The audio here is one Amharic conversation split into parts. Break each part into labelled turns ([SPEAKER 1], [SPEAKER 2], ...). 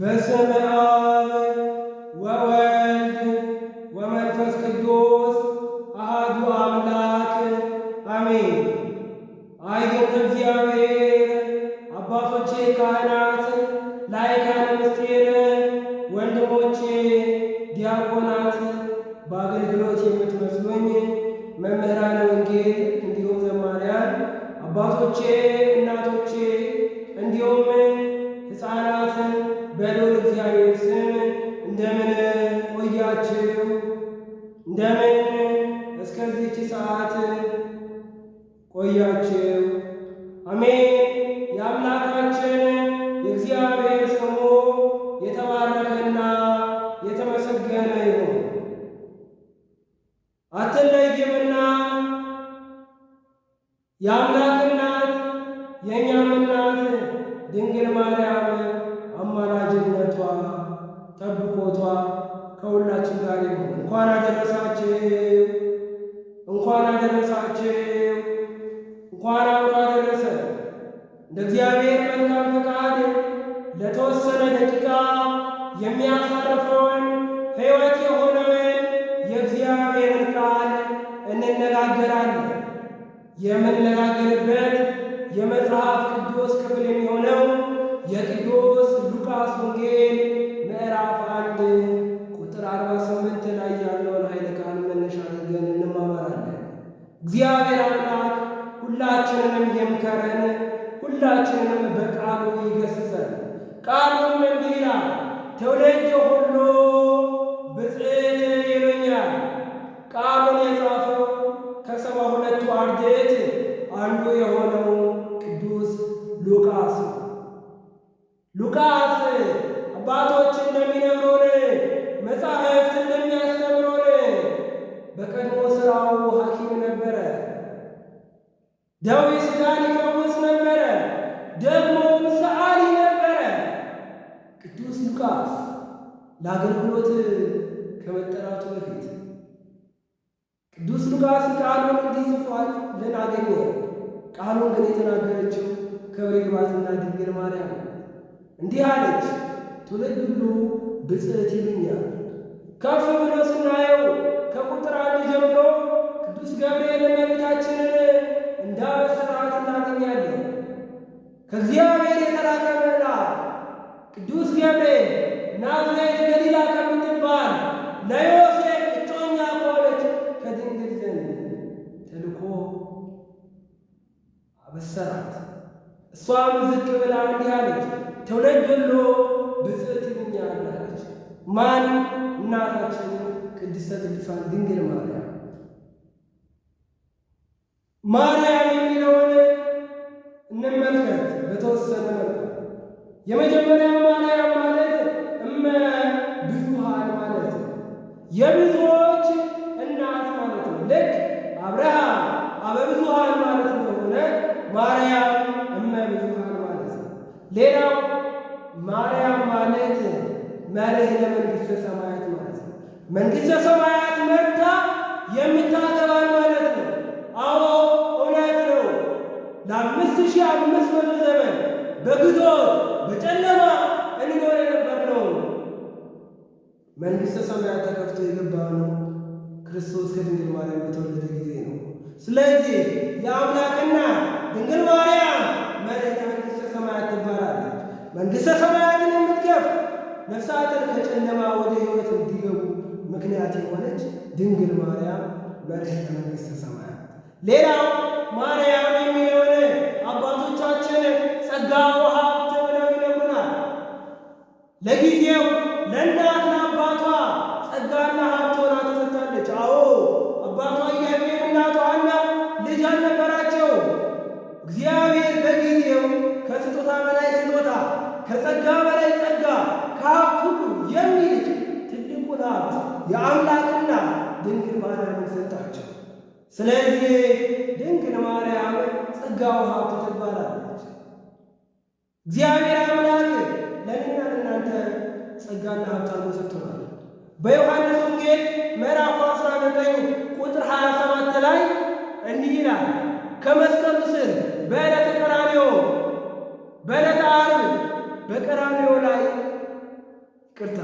[SPEAKER 1] በስመ አብ ወወልድ ወመንፈስ ቅዱስ አሐዱ አምላክ አሜን። አይገብ እግዚአብሔር አባቶቼ ካህናት፣ ላይካን ምስጢር ወንድሞቼ ዲያቆናት፣ በአገልግሎት የምትመስሉኝ መምህራን ወንጌል እንዲሁም ዘማሪያን አባቶቼ እናቶቼ እንዲሁም የአምላክ እናት የእኛም እናት ድንግል ማርያም አማላጅነቷ ጠብቆቷ ከሁላችን ጋር ይሁን። እንኳን አደረሳችሁ፣ እንኳን አደረሳችሁ፣ እንኳን አብሮ አደረሰ። እንደ እግዚአብሔር መልካም ፈቃድ ለተወሰነ ደቂቃ የሚያሳርፈውን ሕይወት የሆነውን የእግዚአብሔርን ቃል እንነጋገራለን። የምንነጋገርበት የመጽሐፍ ቅዱስ ክፍል የሚሆነው የቅዱስ ሉቃ አርድእት አንዱ የሆነው ቅዱስ ሉቃስ ሉቃስ አባቶች እንደሚነግሩን መጻሕፍት እንደሚያስተምሩን በቀድሞ ሥራው ሐኪም ነበረ። ደዌ ሥጋን ይፈውስ ነበረ። ደግሞም ሰዓሊ ነበረ። ቅዱስ ሉቃስ ለአገልግሎት ከመጠራቱ በፊት ቅዱስ ሉቃስ ቃሉን እንዲህ ጽፏል ብለን አገኘ። ቃሉን ግን የተናገረችው ክብር ይግባትና ድንግል ማርያም እንዲህ አለች፣ ትውልድ ሁሉ ብፅዕት ይሉኛል። ከፍ ብሎ ስናየው ከቁጥር አንድ ጀምሮ ቅዱስ ገብርኤል እመቤታችንን እንዳበሰራት እናገኛለን። ከእግዚአብሔር የተላከመና ቅዱስ ገብርኤል ናዝሬት ገሊላ ከምትባል ለዮሴ መሰራት። እሷም ዝቅ ብላ እንዲህ አለች፣ ትውልድ ሁሉ ብፅዕት ይሉኛል አለች። ማን? እናታችን ቅድስተ ቅዱሳን ድንግል ማርያም። ማርያም የሚለውን እንመልከት በተወሰነ መልኩ። የመጀመሪያ ማርያም ማለት እመ ብዙኃን ማለት ነው፣ የብዙዎች እናት ማለት ነው። ልክ መርህ ለመንግሥተ ሰማያት ማለት ነው። መንግሥተ ሰማያት መርታ የምታገባን ማለት ነው። አዎ እውነት ነው። ለአምስት ሺህ አምስት መቶ ዘመን በግዞት በጨለማ እንኖር የነበርነው መንግሥተ ሰማያት ተከፍቶ የገባነው ክርስቶስ ከድንግል ማርያም በተወለደ ጊዜ ነው። ስለዚህ የአምላክና ድንግል ማርያም መሬት መንግሥተ ሰማያት ትባላለች። መንግሥተ ሰማያትን የምትከፍት ነፍሳትን ከጨለማ ወደ ሕይወት እንዲገቡ ምክንያት የሆነች ድንግል ማርያም መርህ መንግሥተ ሰማያት ሌላው ማርያም የአምላክና ድንግል ማርያምን ሰጣቸው። ስለዚህ ድንግል ማርያም ጸጋው ሀብት ትባላለች። እግዚአብሔር አምላክ ለእኛ ለእናንተ ጸጋና ሀብት አድርጎ ሰጥቶናል። በዮሐንስ ወንጌል ምዕራፍ 19 ቁጥር 27 ላይ እንዲህ ይላል ከመስቀሉ ስር በዕለተ ቀራንዮ በዕለተ ዓርብ በቀራንዮ ላይ ቅርታ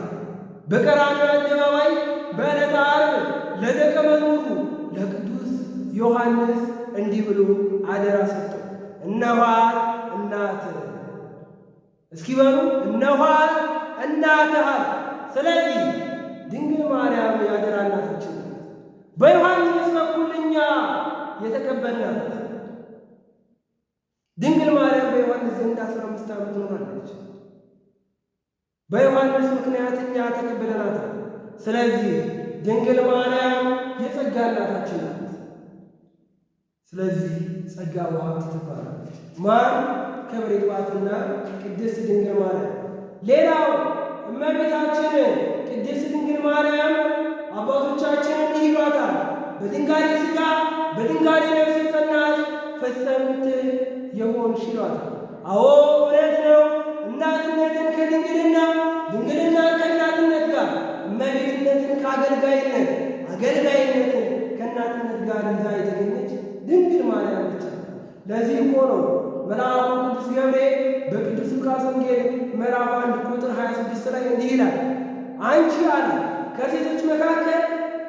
[SPEAKER 1] በቀራንዮ አደባባይ በዕለተ ዓርብ ለደቀ መዝሙሩ ለቅዱስ ዮሐንስ እንዲህ ብሎ አደራ ሰጠው። እነኋት እናት እስኪ በሉ እነኋት እናትሃል። ስለዚህ ድንግል ማርያም የአደራ እናታችን በዮሐንስ በኩል እኛ የተቀበልናት ድንግል ማርያም በዮሐንስ ዘንድ አስራ አምስት ዓመት ኖራለች። በዮሐንስ ምክንያት እኛ ተቀበለናት። ስለዚህ ድንግል ማርያም የጸጋ እናታችን ናት። ስለዚህ ጸጋ ውሃብት ትባላለች። ማን ክብር ይግባትና ቅድስት ድንግል ማርያም። ሌላው እመቤታችን ቅድስት ድንግል ማርያም አባቶቻችን እንዲህ ይሏታል፣ በድንጋሌ ሥጋ በድንጋሌ ነፍስ የጸናች ፈጸምት የሆንሽ ይሏታል። አዎ እውነት ነው። እናትነትን ከድንግልን አገልጋይነት አገልጋይነቱ ከእናትነት ጋር እዛ የተገኘች ድንግል ማርያም ብቻ። ለዚህ ሆኖ መልአኩ ቅዱስ ገብርኤል በቅዱስ ሉቃስ ወንጌል ምዕራፍ አንድ ቁጥር 26 ላይ እንዲህ ይላል፣ አንቺ አለ ከሴቶች መካከል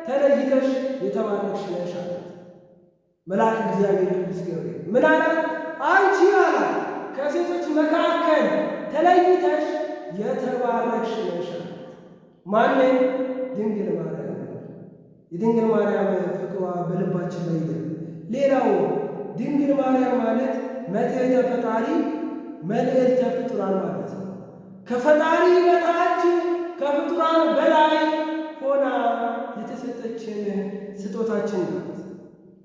[SPEAKER 1] ተለይተሽ የተባረክሽ ነሽ አላት። መልአክ እግዚአብሔር ቅዱስ ገብርኤል ምን አላት? አንቺ አለ ከሴቶች መካከል ተለይተሽ የተባረክሽ ነሽ አላት። ማንም ድንግል ማርያም የድንግል ማርያም ፍቅሯ በልባችን ላይ ይደል። ሌላው ድንግል ማርያም ማለት መትሕተ ፈጣሪ መልዕልተ ፍጡራን ማለት ነው። ከፈጣሪ በታች ከፍጡራን በላይ ሆና የተሰጠችን ስጦታችን ናት።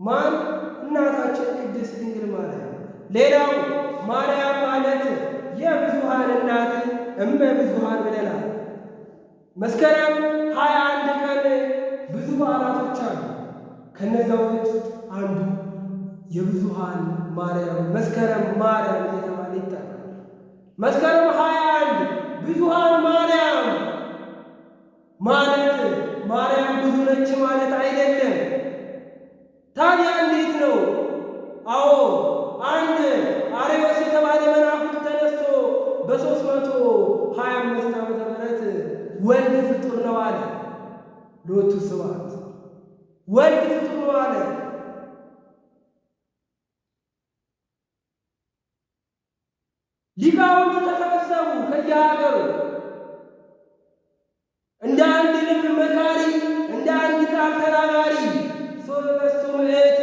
[SPEAKER 1] ማን እናታችን ቅድስት ድንግል ማርያም። ሌላው ማርያም ማለት የብዙሃን እናት እመ ብዙሃን ብለናል። መስከረም ሀያ አንድ ቀን ብዙ በዓላቶች አሉ። ከነዛ ውስጥ አንዱ የብዙሃን ማርያም መስከረም ማርያም እየተባለ ይጠራል። መስከረም ሀያ አንድ ብዙሃን ማርያም ማለት ማርያም ብዙ ነች ማለት አይደለም። ታዲያ እንዴት ነው? አዎ አንድ አሬዎስ የተባለ መናፍቅ ተነስቶ በሶስት መቶ ሀያ ወልድ ፍጡር ነው አለ። ሎቱ ስብሐት ወልድ ፍጡር ነው አለ። ሊቃውንቱ ተሰበሰቡ ከየሀገሩ እንደ አንድ ልብ መካሪ፣ እንደ አንድ ቃል ተናጋሪ ሶስቱ ምዕት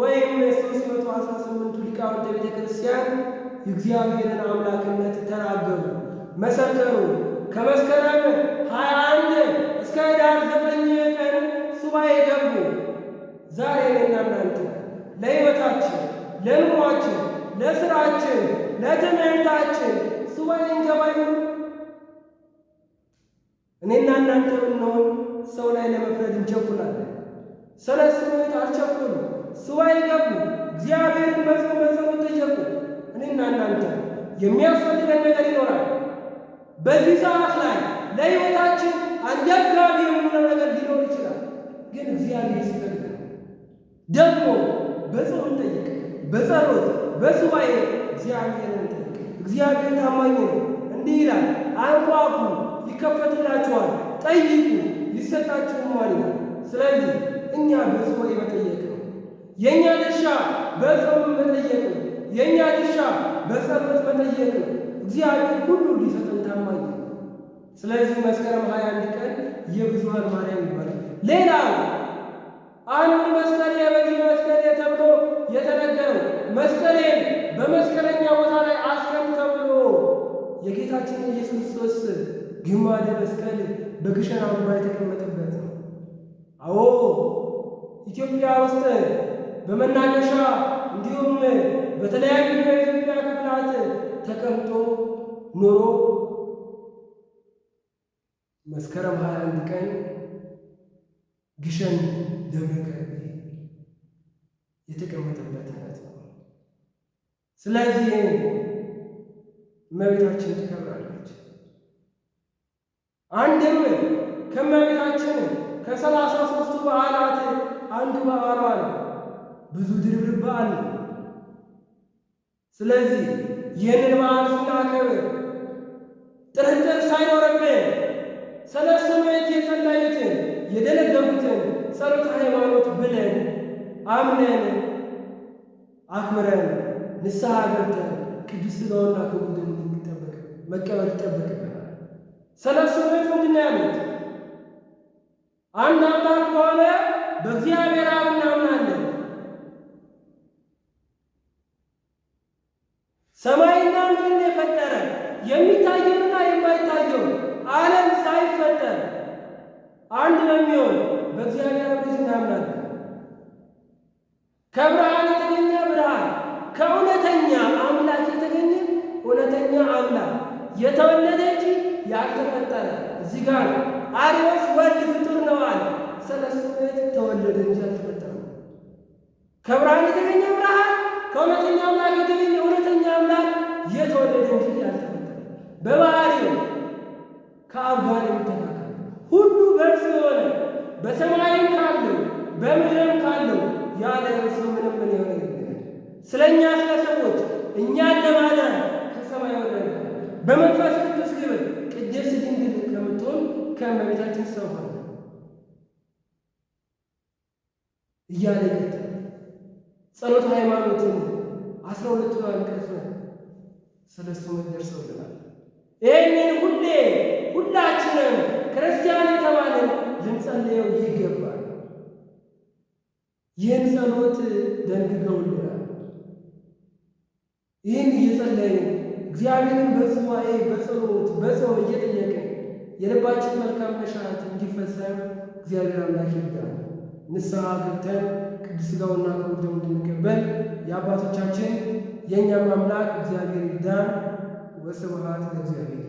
[SPEAKER 1] ወይም ሶስት መቶ አስራ ስምንቱ ሊቃውንተ ቤተ ክርስቲያን የእግዚአብሔርን አምላክነት ተናገሩ፣ መሰከሩ ከመስከረም ሀያ አንድ እስከ ዘጠኝ ቀን ሱባኤ ገቡ። ዛሬ እኔና እናንተ ለሕይወታችን፣ ለኑሯችን፣ ለስራችን፣ ለትምህርታችን ሱባኤ እንገባዩ እኔና እናንተ ምንሆን ሰው ላይ ለመፍረድ እንቸኩላለን። ስለ ስሜት አልቸኩሉ፣ ሱባኤ ገቡ፣ እግዚአብሔርን መጽው መጽው ተቸኩ። እኔና እናንተ የሚያስፈልገን ነገር ይኖራል በዚህ ሰዓት ላይ ለሕይወታችን አንገብጋቢ የሆነው ነገር ሊኖር ይችላል። ግን እግዚአብሔር ሲፈልግ ደግሞ በጾም ጠይቅ፣ በጸሎት በሱባኤ እግዚአብሔርን ጠይቅ። እግዚአብሔር ታማኝ ነው። እንዲህ ይላል፣ አንኳኩ ይከፈትላችኋል፣ ጠይቁ ይሰጣችሁማል ስለዚህ እኛ በሱባኤ መጠየቅ ነው የእኛ ድርሻ፣ በጾም መጠየቅ ነው የእኛ ድርሻ፣ በጸሎት መጠየቅ ነው። እግዚአብሔር ሁሉ ሊሰጠን ታማኝ ስለዚህ መስከረም 21 ቀን የብዙሃን ማርያም ይባላል። ሌላ አንዱ መስቀሌ በዚህ መስቀሌ ተብሎ የተነገረው መስቀሌን በመስቀለኛ ቦታ ላይ አስቀም ተብሎ የጌታችን ኢየሱስ ክርስቶስ ግማደ መስቀል በግሸን አምባ የተቀመጠበት ነው። አዎ ኢትዮጵያ ውስጥ በመናገሻ እንዲሁም በተለያዩ የኢትዮጵያ ክፍላት ተቀምጦ ኖሮ መስከረም 21 ቀን ግሸን ደብረ የተቀመጠበት ዕለት ነው። ስለዚህ እመቤታችን ትከብራለች። አንድም ከእመቤታችን ከሰላሳ ሦስቱ በዓላት አንዱ በዓሏ ነው። ብዙ ድርብር በዓል ነው። ስለዚህ ይህንን በዓል ስናከብር ጥርጥር ሳይኖርብን ስለ ሰማዕት የጸለዩትን የደነገጉትን ጸሎተ ሃይማኖት ብለን አምነን አክብረን ንስሐ ገብተን ቅዱስ ሥጋውንና ክቡርን እንጠበቅ መቀበል ይጠበቅብናል። ስለ ሰማዕት ምንድን ነው ያሉት? አንድ አምላክ ከሆነ በእግዚአብሔር አብ እናምናለን እንደሚሆን በእግዚአብሔር ልጅ እናምናለን። ከብርሃን የተገኘ ብርሃን፣ ከእውነተኛ አምላክ የተገኘ እውነተኛ አምላክ የተወለደ እንጂ ያልተፈጠረ። እዚህ ጋር ወልድ ፍጡር ነው አለ። ስለ ስሜት ተወለደ እንጂ አልተፈጠረ። ከብርሃን የተገኘ ብርሃን፣ ከእውነተኛ አምላክ የተገኘ እውነተኛ አምላክ የተወለደ እንጂ ያልተፈጠረ በባህሪው ከአብ ጋር በእርሱ የሆነ በሰማይም ካለው በምድርም ካለው ያለ እርሱ ምንም ምን የሆነ ስለ እኛ ስለ ሰዎች እኛን ለማዳን ከሰማይ ወረደ። በመንፈስ ቅዱስ ግብር ቅድስት ድንግል ከምትሆን ከእመቤታችን ሰው ሆነ እያለ ይገጥ ጸሎት ሃይማኖትን አስራ ሁለቱ አንቀጽ ስለ እሱ መደርሰውልናል። ይህንን ሁሌ ሁላችንም ክርስቲያን የተባለ ልንጸልየው ይገባል። ይህን ጸሎት ደንግገውልናል። ይህን እየጸለይ እግዚአብሔርን በጽዋኤ በጸሎት በሰው እየጠየቀ የልባችን መልካም መሻት እንዲፈጸም እግዚአብሔር አምላክ ይርዳል። ንስሐ ገብተን ቅዱስ ሥጋውና ክቡር ደሙን እንድንቀበል የአባቶቻችን የእኛም አምላክ እግዚአብሔር ይርዳን። ወስብሐት ለእግዚአብሔር።